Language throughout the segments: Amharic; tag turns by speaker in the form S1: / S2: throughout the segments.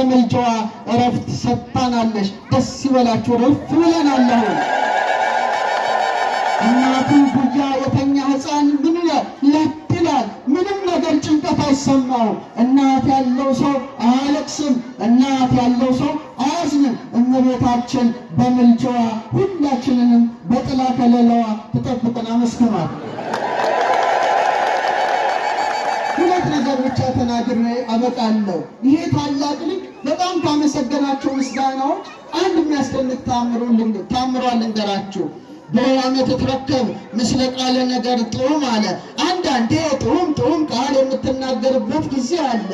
S1: በምልጃዋ እረፍት ሰጥታናለሽ። ደስ ይበላችሁ፣ ረፍ ብለናለሁ። እናቱ ጉያ የተኛ ሕፃን ምን ለትላል? ምንም ነገር ጭንቀት አይሰማው እናት ያለው ሰው አያለቅስም። እናት ያለው ሰው አያዝንም። እመቤታችን በምልጃዋ ሁላችንንም በጥላ ከለላዋ ትጠብቅን። አመስግኗል። ሁለት ነገር ብቻ ተናግሬ አበቃለሁ። ይሄ ታላቅ ልጅ በጣም ካመሰገናቸው ምስጋናዎች አንድ የሚያስደንቅ ታምሮ ታምሯል ልንገራችሁ። በዓመ ትትረከብ ምስለ ቃለ ነገር ጥዑም አለ። አንዳንዴ ጥዑም ጥዑም ቃል የምትናገርበት ጊዜ አለ።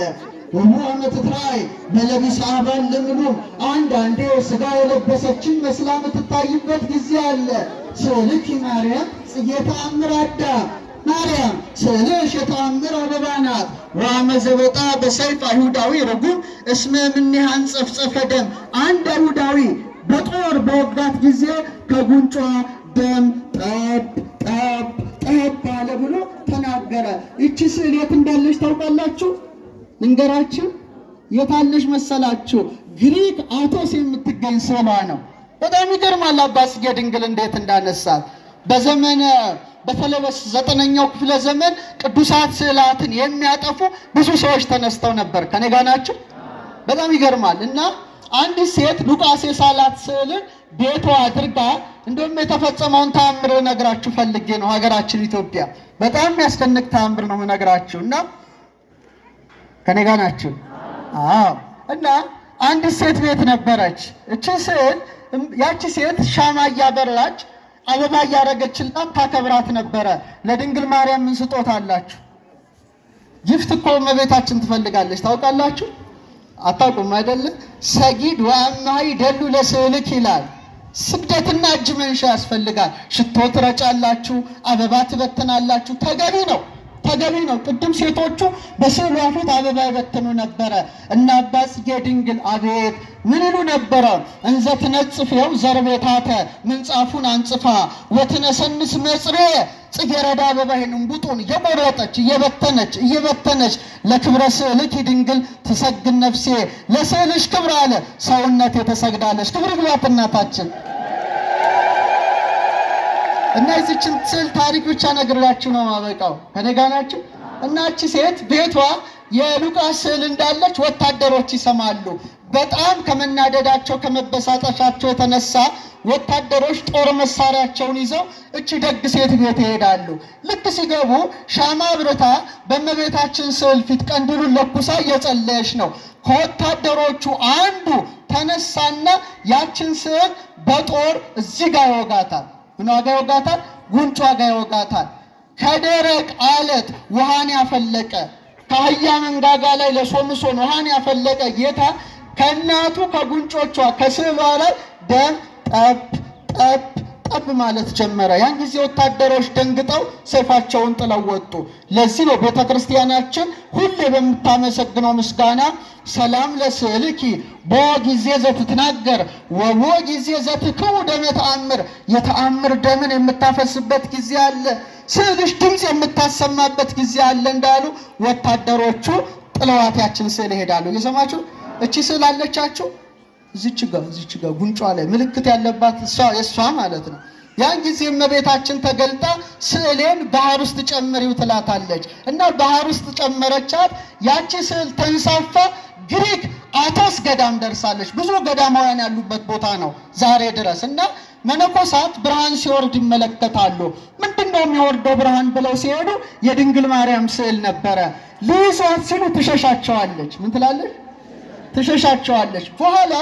S1: አመት ትራይ በለቢሰ አሕባን ለምሉም፣ አንዳንዴ ስጋ የለበሰችን መስላ የምትታይበት ጊዜ አለ። ሰልኪ ማርያም ጽጌ ተአምር አዳም ማርያም ስዕልሽ የተአምር አበባ ናት። ዋመዘበጣ በሰይፍ አይሁዳዊ ርጉም እስመ ምኔሃ አንጸፍጸፈ ደም። አንድ አይሁዳዊ በጦር በወጋት ጊዜ ከጉንጯ ደም ጠብ ጠብ ጠብ አለ ብሎ ተናገረ። ይቺ ስዕል የት እንዳለች ታውቃላችሁ? ልንገራችሁ። የታለች መሰላችሁ? ግሪክ አቶስ የምትገኝ ስዕሏ ነው። በጣም ይገርማል። አባ ጽጌ ድንግል እንዴት እንዳነሳት በዘመነ በተለይ ዘጠነኛው ክፍለ ዘመን ቅዱሳት ስዕላትን የሚያጠፉ ብዙ ሰዎች ተነስተው ነበር። ከኔ ጋር ናቸው። በጣም ይገርማል። እና አንዲት ሴት ሉቃስ የሳላት ስዕልን ቤቷ አድርጋ እንደውም የተፈጸመውን ተአምር ነግራችሁ ፈልጌ ነው። ሀገራችን ኢትዮጵያ በጣም የሚያስደንቅ ተአምር ነው ምነግራችሁ እና ከኔ ጋር ናችሁ። እና አንዲት ሴት ቤት ነበረች። እቺ ስዕል ያቺ ሴት ሻማ እያበራች አበባ እያደረገችላት ታከብራት ነበረ። ለድንግል ማርያም ምን ስጦታ አላችሁ? ይፍት እኮ እመቤታችን ትፈልጋለች። ታውቃላችሁ? አታውቁም አይደለም? ሰጊድ ወአማይ ደሉ ለስዕልክ ይላል። ስግደትና እጅ መንሻ ያስፈልጋል። ሽቶ ትረጫላችሁ፣ አበባ ትበትናላችሁ። ተገቢ ነው። ተገቢ ነው። ቅድም ሴቶቹ በስዕሉ ፊት አበባ ይበትኑ ነበረ እና አባ ጽጌ ድንግል አቤት ምን ይሉ ነበረ? እንዘ ትነጽፍየው ዘርቤታተ ምንጻፉን አንጽፋ ወትነሰንስ መጽሬ ጽጌረዳ አበባይንም ቡጡን እየቆረጠች እየበተነች እየበተነች ለክብረ ስዕልኪ ድንግል ትሰግድ ነፍሴ ለስዕልሽ ክብር አለ ሰውነት የተሰግዳለች ክብር ግባት እናታችን እና የዚችን ስዕል ታሪክ ብቻ ነግርላችሁ ነው ማበቃው። ከነጋ ናችሁ። እቺ ሴት ቤቷ የሉቃስ ስዕል እንዳለች ወታደሮች ይሰማሉ። በጣም ከመናደዳቸው ከመበሳጠፋቸው የተነሳ ወታደሮች ጦር መሳሪያቸውን ይዘው እች ደግ ሴት ቤት ይሄዳሉ። ልክ ሲገቡ ሻማ ብርታ በእመቤታችን ስዕል ፊት ቀንድሉን ለኩሳ እየጸለየች ነው። ከወታደሮቹ አንዱ ተነሳና ያችን ስዕል በጦር እዚህ ጋር ይወጋታል። ምን ዋጋ ይወጋታል? ጉንጭ ዋጋ ይወጋታል። ከደረቅ አለት ውሃን ያፈለቀ ከአህያ መንጋጋ ላይ ለሶምሶን ውሃን ያፈለቀ ጌታ ከእናቱ ከጉንጮቿ ከስባ ላይ ደም ጠብ ጠብ ጠብ ማለት ጀመረ። ያን ጊዜ ወታደሮች ደንግጠው ሰይፋቸውን ጥለው ወጡ። ለዚህ ነው ቤተ ክርስቲያናችን ሁሌ በምታመሰግነው ምስጋና ሰላም ለስዕልኪ ቦ ጊዜ ዘትትናገር ወቦ ጊዜ ዘትክው ደመ ተአምር፣ የተአምር ደምን የምታፈስበት ጊዜ አለ፣ ስዕልሽ ድምፅ የምታሰማበት ጊዜ አለ እንዳሉ ወታደሮቹ ጥለዋት ያችን ስዕል ይሄዳሉ። እየሰማችሁ እቺ ስዕል አለቻችሁ እዚች ጋ እዚች ጋ ጉንጯ ላይ ምልክት ያለባት እሷ የእሷ ማለት ነው። ያን ጊዜ እመቤታችን ተገልጣ ስዕሌን ባህር ውስጥ ጨምሪው ትላታለች እና ባህር ውስጥ ጨመረቻት። ያቺ ስዕል ተንሳፋ ግሪክ አቶስ ገዳም ደርሳለች። ብዙ ገዳማውያን ያሉበት ቦታ ነው ዛሬ ድረስ እና መነኮሳት ብርሃን ሲወርድ ይመለከታሉ። ምንድን ነው የሚወርደው ብርሃን ብለው ሲሄዱ የድንግል ማርያም ስዕል ነበረ። ልይዟት ሲሉ ትሸሻቸዋለች። ምን ትላለች? ትሸሻቸዋለች በኋላ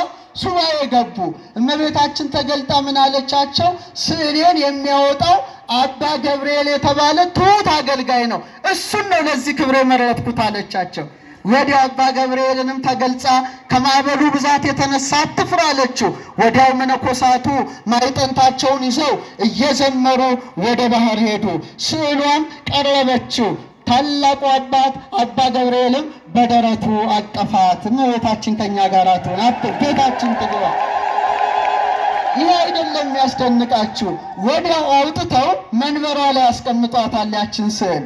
S1: ሱባኤ ገቡ። እመቤታችን ተገልጣ ምን አለቻቸው? ስዕሌን የሚያወጣው አባ ገብርኤል የተባለ ትሑት አገልጋይ ነው፣ እሱን ነው ለዚህ ክብር የመረጥኩት አለቻቸው። ወዲያው አባ ገብርኤልንም ተገልጻ ከማዕበሉ ብዛት የተነሳ አትፍር አለችው። ወዲያው መነኮሳቱ ማይጠንታቸውን ይዘው እየዘመሩ ወደ ባህር ሄዱ። ስዕሏም ቀረበችው። ታላቁ አባት አባ ገብርኤልም በደረቱ አቀፋት። እመቤታችን ከኛ ጋር ትሁን፣ ቤታችን ትግባ። ይህ አይደለም የሚያስደንቃችሁ፣ ወዲያው አውጥተው መንበሯ ላይ አስቀምጧታል። ያችን ስዕል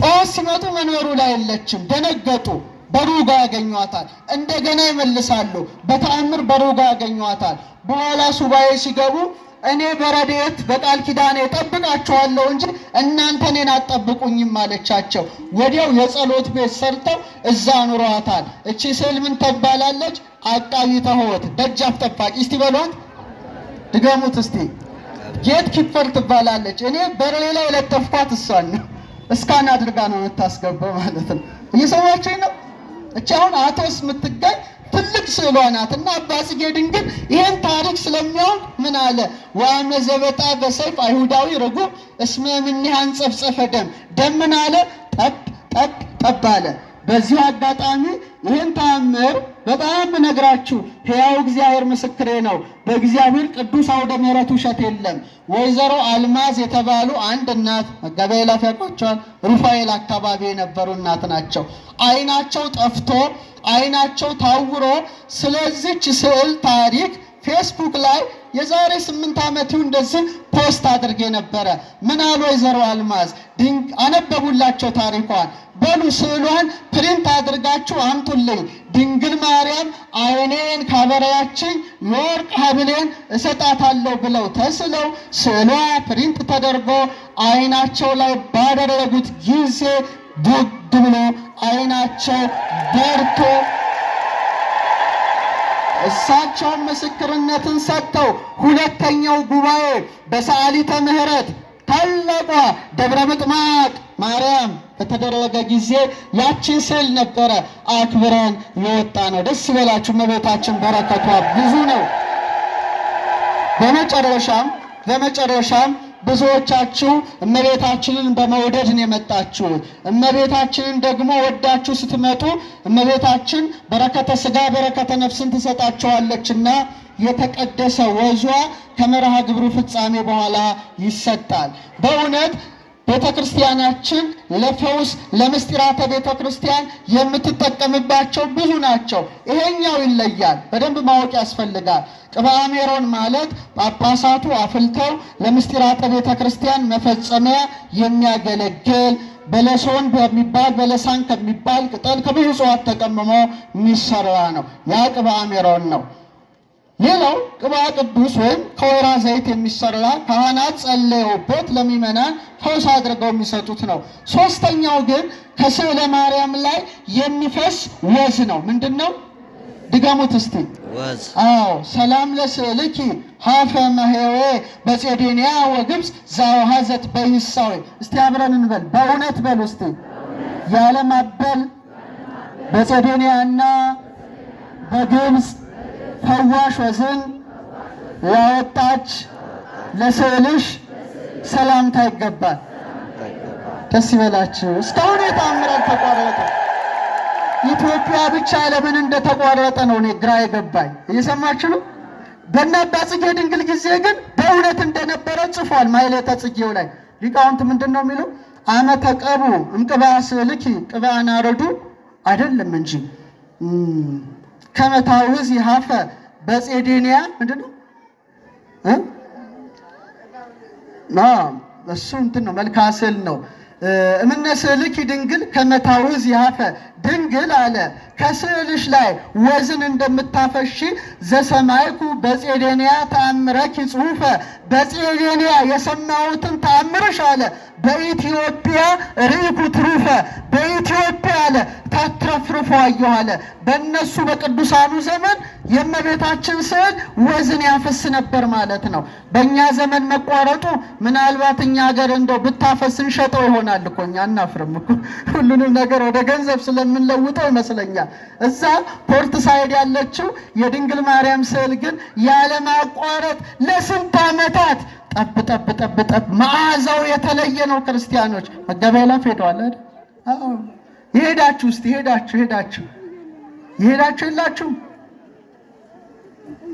S1: ጠዋት ሲመጡ መንበሩ ላይ የለችም፣ ደነገጡ። በሩጋ ያገኟታል። እንደገና ይመልሳሉ። በተአምር በሩጋ ያገኟታል። በኋላ ሱባኤ ሲገቡ እኔ በረድኤት በቃል ኪዳኔ ጠብቃችኋለሁ እንጂ እናንተ እኔን አጠብቁኝም አለቻቸው። ወዲያው የጸሎት ቤት ሰርተው እዛ ኑሯታል። እቺ ስዕል ምን ትባላለች? አቃቢ ተሆወት ደጃፍ ጠባቂ። እስቲ በሏት ድገሙት እስቲ። ጌት ኪፐር ትባላለች። እኔ በርሌ ላይ የለጠፍኳት እሷን ነው። እስካን አድርጋ ነው የምታስገባው ማለት ነው። እየሰማችሁኝ ነው? እቺ አሁን አቶስ የምትገኝ ትልቅ ስዕሏ ናት እና አባ ጽጌ ድንግል ይህን ታሪክ ስለሚያውቅ ምን አለ? ዋመዘበጣ በሰይፍ አይሁዳዊ ርጉ እስመ ምኔሃን ጸፍጸፈ ደም ደምን አለ ጠብ ጠብ ጠብ አለ በዚሁ አጋጣሚ ይህን ተአምር በጣም ነግራችሁ ሕያው እግዚአብሔር ምስክሬ ነው። በእግዚአብሔር ቅዱስ አውደ ምሕረት ውሸት የለም። ወይዘሮ አልማዝ የተባሉ አንድ እናት መጋቢያ ይላፍ ሩፋኤል አካባቢ የነበሩ እናት ናቸው። አይናቸው ጠፍቶ አይናቸው ታውሮ ስለዚች ስዕል ታሪክ ፌስቡክ ላይ የዛሬ ስምንት ዓመት እንደዚህ ፖስት አድርጌ ነበረ። ምን አሉ ወይዘሮ አልማዝ ድንቅ አነበቡላቸው ታሪኳን። በሉ ስዕሏን ፕሪንት አድርጋችሁ አምጡልኝ። ድንግል ማርያም አይኔን ካበራያችኝ የወርቅ ሐብሌን እሰጣታለሁ ብለው ተስለው ስዕሏ ፕሪንት ተደርጎ አይናቸው ላይ ባደረጉት ጊዜ ቡድ ብሎ አይናቸው በርቶ እሳቸውን ምስክርነትን ሰጥተው ሁለተኛው ጉባኤ በሰዓሊተ ምሕረት ታላቋ ደብረ ምጥማቅ ማርያም በተደረገ ጊዜ ያችን ስዕል ነበረ አክብረን የወጣ ነው። ደስ በላችሁ። መቤታችን በረከቷ ብዙ ነው። በመጨረሻም በመጨረሻም ብዙዎቻችሁ እመቤታችንን በመውደድ ነው የመጣችሁ። እመቤታችንን ደግሞ ወዳችሁ ስትመጡ እመቤታችን በረከተ ስጋ በረከተ ነፍስን ትሰጣችኋለችና የተቀደሰ ወዟ ከመርሃ ግብሩ ፍጻሜ በኋላ ይሰጣል። በእውነት ቤተ ክርስቲያናችን ለፈውስ ለምስጢራተ ቤተ ክርስቲያን የምትጠቀምባቸው ብዙ ናቸው። ይሄኛው ይለያል፣ በደንብ ማወቅ ያስፈልጋል። ቅብአ ሜሮን ማለት ጳጳሳቱ አፍልተው ለምስጢራተ ቤተ ክርስቲያን መፈጸሚያ የሚያገለግል በለሶን በሚባል በለሳን ከሚባል ቅጠል ከብዙ እጽዋት ተቀምሞ የሚሰራ ነው። ያ ቅብአ ሜሮን ነው። ሌላው ቅባ ቅዱስ ወይም ከወይራ ዘይት የሚሰራ ካህናት ጸለየውበት ለሚመና ፈውስ አድርገው የሚሰጡት ነው። ሶስተኛው ግን ከስዕለ ማርያም ላይ የሚፈስ ወዝ ነው። ምንድን ነው? ድገሙት እስቲ። አዎ ሰላም ለስዕልኪ ሀፈ መሄዌ በጼዴንያ ወግብፅ ዛውሃዘት በይሳዊ። እስቲ አብረን እንበል፣ በእውነት በል እስቲ ያለማበል በጼዴንያና በግብፅ ፈዋሽ ወስን ያወጣች ለስዕልሽ ሰላምታ ይገባል። ደስ ይበላችሁ። እስካሁን የታምር አልተቋረጠ። ኢትዮጵያ ብቻ ለምን እንደተቋረጠ ነው እኔ ግራ የገባኝ። እየሰማችሁ ነው። በእነ አባ ጽጌ ድንግል ጊዜ ግን በእውነት እንደነበረ ጽፏል። ማሕሌተ ጽጌው ላይ ሊቃውንት ምንድን ነው የሚለው? አመተ ቀቡ እምቅባ ስልኪ ቅባ ናረዱ አይደለም እንጂ ከመታውዝ ይሃፈ በጼዴንያ ምንድን ነው እሱ እንትን ነው መልካ ስዕል ነው። እምነ ስዕልኪ ድንግል ከመታውዝ ያፈ ድንግል አለ ከስዕልሽ ላይ ወዝን እንደምታፈሺ ዘሰማይኩ በጼዴንያ ተአምረኪ ጽሑፈ በጼዴንያ የሰማሁትን ተአምርሽ አለ በኢትዮጵያ ርኢኩ ትሩፈ በኢትዮጵያ አለ ታትረፍርፎ አየሁ አለ። በእነሱ በቅዱሳኑ ዘመን የእመቤታችን ስዕል ወዝን ያፈስ ነበር ማለት ነው። በእኛ ዘመን መቋረጡ ምናልባት እኛ ሀገር እንደው ብታፈስ እንሸጠው ይሆናል እኮ እኛ እናፍርም እኮ ሁሉንም ነገር ወደ ገንዘብ ስለምንለውጠው ይመስለኛል። እዛ ፖርት ሳይድ ያለችው የድንግል ማርያም ስዕል ግን ያለማቋረጥ ለስንት ዓመታት ጠብ ጠብ ጠብ ጠብ መዓዛው የተለየ ነው። ክርስቲያኖች መገበያ ላይ ሄደዋል አይደል? አዎ ይሄዳችሁ እስቲ ይሄዳችሁ ይሄዳችሁ ይሄዳችሁ የላችሁ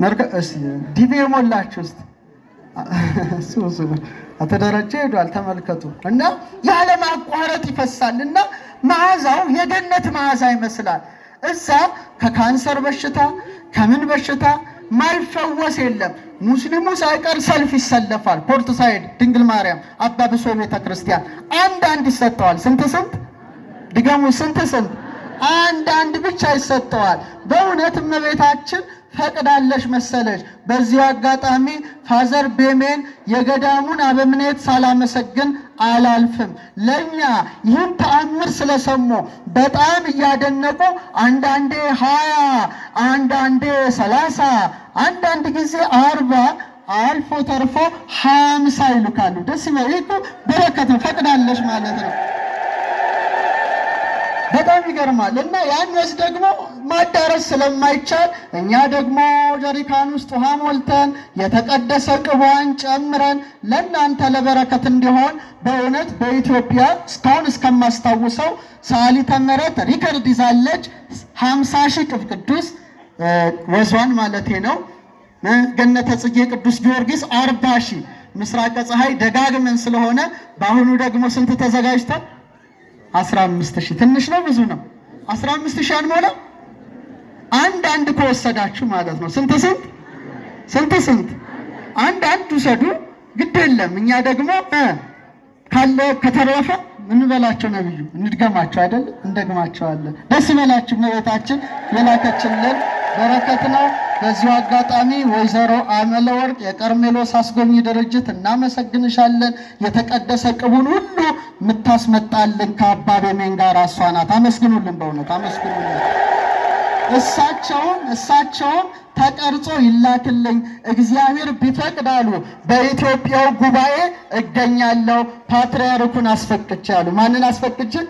S1: መርከ እስቲ ዲቤ ሞላችሁ እስቲ ሱሱ አተደረጀ ሄዷል። ተመልከቱ እና ያለ ማቋረጥ ይፈሳል እና መዓዛው የገነት መዓዛ ይመስላል። እዛ ከካንሰር በሽታ ከምን በሽታ ማይፈወስ የለም። ሙስሊሙ ሳይቀር ሰልፍ ይሰለፋል። ፖርት ሳይድ ድንግል ማርያም አባብሶ ቤተ ክርስቲያን አንድ አንድ ይሰጠዋል። ስንት ስንት ድገሙ፣ ስንት ስንት አንድ አንድ ብቻ ይሰጠዋል። በእውነት እመቤታችን ፈቅዳለሽ መሰለች። በዚህ አጋጣሚ ፋዘር ቤሜን የገዳሙን አበምኔት ሳላመሰግን አላልፍም። ለእኛ ይህን ተአምር ስለሰሙ በጣም እያደነቁ አንዳንዴ ሀያ አንዳንዴ ሰላሳ አንዳንድ ጊዜ አርባ አልፎ ተርፎ ሀምሳ ይልካሉ። ደስ ይበል። በረከት ፈቅዳለሽ ማለት ነው። በጣም ይገርማል። እና ያን ወስ ደግሞ ማዳረስ ስለማይቻል እኛ ደግሞ ጀሪካን ውስጥ ውሃ ሞልተን የተቀደሰ ቅቧን ጨምረን ለእናንተ ለበረከት እንዲሆን በእውነት በኢትዮጵያ እስካሁን እስከማስታውሰው ሰዓሊተ ምሕረት ሪከርድ ይዛለች። ሀምሳ ሺህ ቅብ ቅዱስ ወዟን ማለቴ ነው። ገነተ ጽጌ ቅዱስ ጊዮርጊስ አርባ ሺህ ምስራቀ ፀሐይ ደጋግመን ስለሆነ በአሁኑ ደግሞ ስንት ተዘጋጅቷል? አስራ አምስት ሺህ ትንሽ ነው ብዙ ነው? አስራ አምስት ሺህ አንሞላ አንድ አንድ ከወሰዳችሁ ማለት ነው። ስንት ስንት ስንት ስንት አንድ አንድ ውሰዱ፣ ግድ የለም። እኛ ደግሞ ካለ ከተረፈ እንበላቸው ነብዩ እንድገማቸው አይደል? እንደግማቸዋለን። ደስ ይበላችሁ። እመቤታችን የላከችልን በረከት ነው። በዚሁ አጋጣሚ ወይዘሮ አመለ ወርቅ የቀርሜሎስ አስጎብኝ ድርጅት እናመሰግንሻለን። የተቀደሰ ቅቡን ሁሉ ምታስመጣልን ከአባ ቤሜን ጋር እሷ ናት። አመስግኑልን፣ በእውነት አመስግኑልን። እሳቸውም እሳቸውም ተቀርጾ ይላክልኝ እግዚአብሔር ቢፈቅድ አሉ። በኢትዮጵያው ጉባኤ እገኛለሁ። ፓትርያርኩን አስፈቅቻ አሉ። ማንን አስፈቅችን?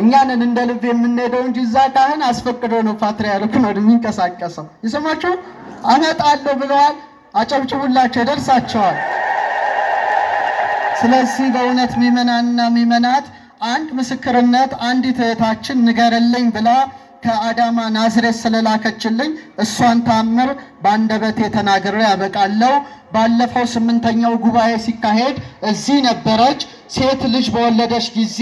S1: እኛንን እንደ ልብ የምንሄደው እንጂ እዛ ካህን አስፈቅዶ ነው ፓትርያርኩ ነው የሚንቀሳቀሰው። የሰማችሁ አመጣለሁ ብለዋል። አጨብጭቡላቸው፣ ይደርሳቸዋል። ስለዚህ በእውነት ሚመናና ሚመናት አንድ ምስክርነት አንዲት እህታችን ንገርልኝ ብላ ከአዳማ ናዝሬት ስለላከችልኝ እሷን ታምር በአንደበቴ ተናግሬ ያበቃለሁ። ባለፈው ስምንተኛው ጉባኤ ሲካሄድ እዚህ ነበረች። ሴት ልጅ በወለደች ጊዜ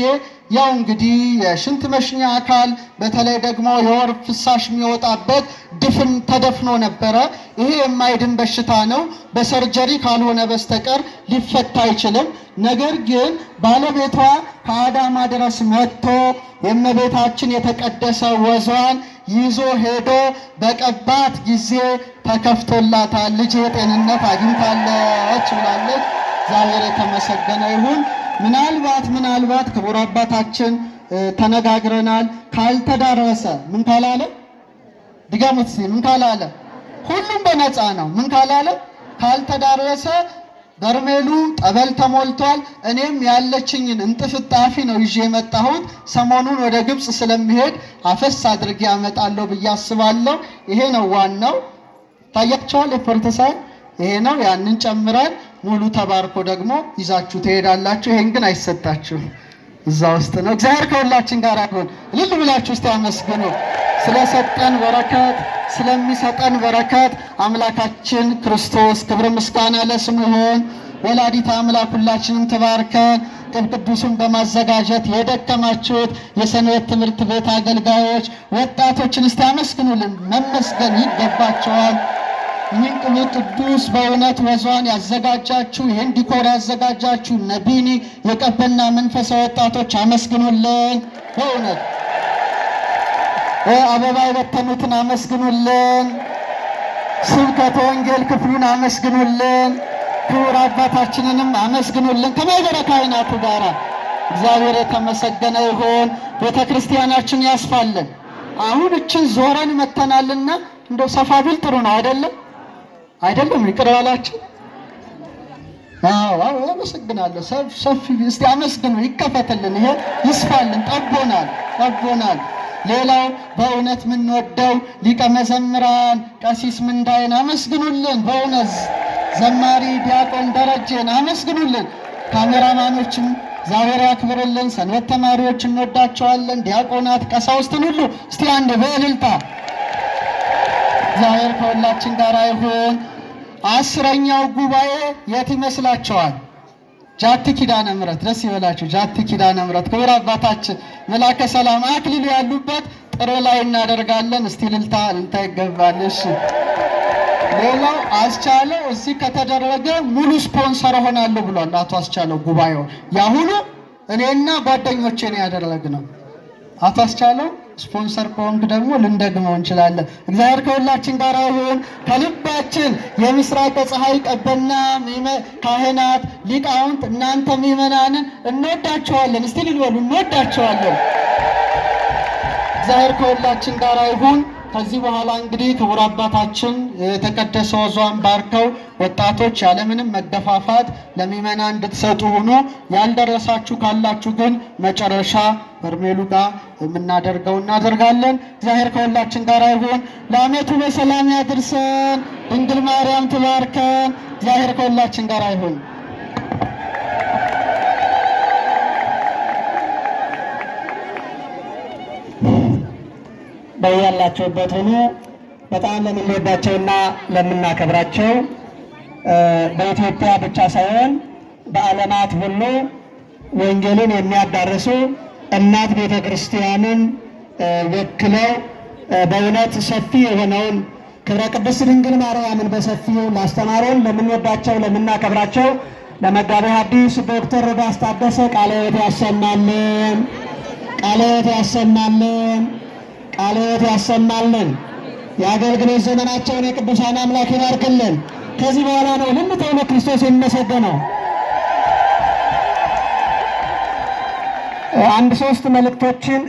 S1: ያው እንግዲህ የሽንት መሽኛ አካል በተለይ ደግሞ የወር ፍሳሽ የሚወጣበት ድፍን ተደፍኖ ነበረ። ይሄ የማይድን በሽታ ነው። በሰርጀሪ ካልሆነ በስተቀር ሊፈታ አይችልም። ነገር ግን ባለቤቷ ከአዳማ ድረስ መጥቶ የእመቤታችን የተቀደሰ ወዟን ይዞ ሄዶ በቀባት ጊዜ ተከፍቶላታል። ልጅ የጤንነት አግኝታለች ብላለች። እግዚአብሔር የተመሰገነ ይሁን። ምናልባት ምናልባት ክቡር አባታችን ተነጋግረናል። ካልተዳረሰ ምን ካላለ ድገሙት ምን ካላለ ሁሉም በነፃ ነው። ምን ካላለ ካልተዳረሰ በርሜሉ ጠበል ተሞልቷል። እኔም ያለችኝን እንጥፍጣፊ ነው ይዤ የመጣሁት። ሰሞኑን ወደ ግብፅ ስለሚሄድ አፈስ አድርጌ ያመጣለሁ ብዬ አስባለሁ። ይሄ ነው ዋናው። ታያቸዋል። የፖርተሳይ ይሄ ነው። ያንን ጨምረን ሙሉ ተባርኮ ደግሞ ይዛችሁ ትሄዳላችሁ። ይሄን ግን አይሰጣችሁም። እዛ ውስጥ ነው። እግዚአብሔር ከሁላችን ጋር ይሁን። ልል ብላችሁ ውስጥ ያመስግኑ። ስለሰጠን በረከት ስለሚሰጠን በረከት አምላካችን ክርስቶስ ክብር ምስጋና ለስሙ ይሁን። ወላዲት አምላክ ሁላችንም ትባርከን። ቅብ ቅዱሱን በማዘጋጀት የደከማችሁት የሰንበት ትምህርት ቤት አገልጋዮች፣ ወጣቶችን እስቲ አመስግኑልን። መመስገን ይገባቸዋል። ይህን ቅቡ ቅዱስ በእውነት ወዟን ያዘጋጃችሁ ይህን ዲኮር ያዘጋጃችሁ ነቢኒ የቀበና መንፈሳዊ ወጣቶች አመስግኑልን። በእውነት አበባ የበተኑትን አመስግኑልን። ስብከተ ወንጌል ክፍሉን አመስግኑልን። ክቡር አባታችንንም አመስግኑልን። ከማይበረ ካህናቱ ጋር እግዚአብሔር የተመሰገነ ይሆን። ቤተ ክርስቲያናችን ያስፋለን። አሁን እችን ዞረን መተናልና እንደው ሰፋ ቢል ጥሩ ነው አይደለም? አይደለም ይቅር አላችሁ። አዎ አመሰግናለሁ። ሰፊ እስቲ አመስግኑ። ይከፈትልን፣ ይሄ ይስፋልን። ጠቦናል ጠቦናል። ሌላው በእውነት የምንወደው ሊቀ መዘምራን ቀሲስ ምንዳይን አመስግኑልን። በእውነት ዘማሪ ዲያቆን ደረጀን አመስግኑልን። ካሜራማኖችም እግዚአብሔር ያክብርልን። ሰንበት ተማሪዎች እንወዳቸዋለን። ዲያቆናት፣ ቀሳውስትን ሁሉ እስቲ አንድ በእልልታ እግዚአብሔር ከሁላችን ጋር ይሁን። አስረኛው ጉባኤ የት ይመስላችኋል? ጃቲ ኪዳነ ምሕረት ደስ ይበላችሁ። ጃቲ ኪዳነ ምሕረት ክቡር አባታችን መላከ ሰላም አክሊሉ ያሉበት ጥሩ ላይ እናደርጋለን። እስቲ ልልታ ልልታ ይገባል። ሌላው አስቻለው እዚህ ከተደረገ ሙሉ ስፖንሰር ሆናለሁ ብሏል። አቶ አስቻለው ጉባኤው ያሁኑ እኔና ጓደኞቼ ነው ያደረግነው። አቶ አስቻለው ስፖንሰር ከሆንክ ደግሞ ልንደግመው እንችላለን። እግዚአብሔር ከሁላችን ጋር ይሁን። ከልባችን የምስራቅ ፀሐይ ቀበና ካህናት፣ ሊቃውንት፣ እናንተ ምዕመናንን እንወዳቸዋለን። እስቲ ልልበሉ እንወዳቸዋለን። እግዚአብሔር ከሁላችን ጋር ይሁን። ከዚህ በኋላ እንግዲህ ክቡር አባታችን የተቀደሰ ወዟን ባርከው ወጣቶች ያለምንም መገፋፋት ለሚመና እንድትሰጡ ሁኑ። ያልደረሳችሁ ካላችሁ ግን መጨረሻ በርሜሉ ጋር የምናደርገው እናደርጋለን። እግዚአብሔር ከሁላችን ጋር ይሁን። ለአመቱ በሰላም ያድርሰን። ድንግል ማርያም ትባርከን። እግዚአብሔር ከሁላችን ጋር ይሁን። በያላችሁበት ሆኖ በጣም ለምንወዳቸውና ለምናከብራቸው በኢትዮጵያ ብቻ ሳይሆን በዓለማት ሁሉ ወንጌልን የሚያዳርሱ እናት ቤተ ክርስቲያንን ወክለው በእውነት ሰፊ የሆነውን ክብረ ቅድስት ድንግል ማርያምን በሰፊው ላስተማሩን ለምንወዳቸው ለምናከብራቸው ለመጋቤ ሐዲስ ዶክተር ረዳስ ታደሰ ቃለ ሕይወት ያሰማልን፣ ቃለ ሕይወት ያሰማልን፣ ቃለ ሕይወት ያሰማልን። የአገልግሎት ዘመናቸውን የቅዱሳን አምላክ ይባርክልን። ከዚህ በኋላ ነው ሁሉ ተውሎ ክርስቶስ የሚመሰገነው። አንድ ሶስት መልእክቶችን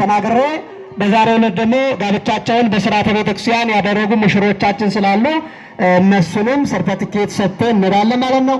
S1: ተናግሬ በዛሬው ዕለት ደግሞ ጋብቻቸውን በስርዓተ ቤተክርስቲያን ያደረጉ ሙሽሮቻችን ስላሉ እነሱንም ሰርተፍኬት ሰጥተን እንሄዳለን ማለት ነው።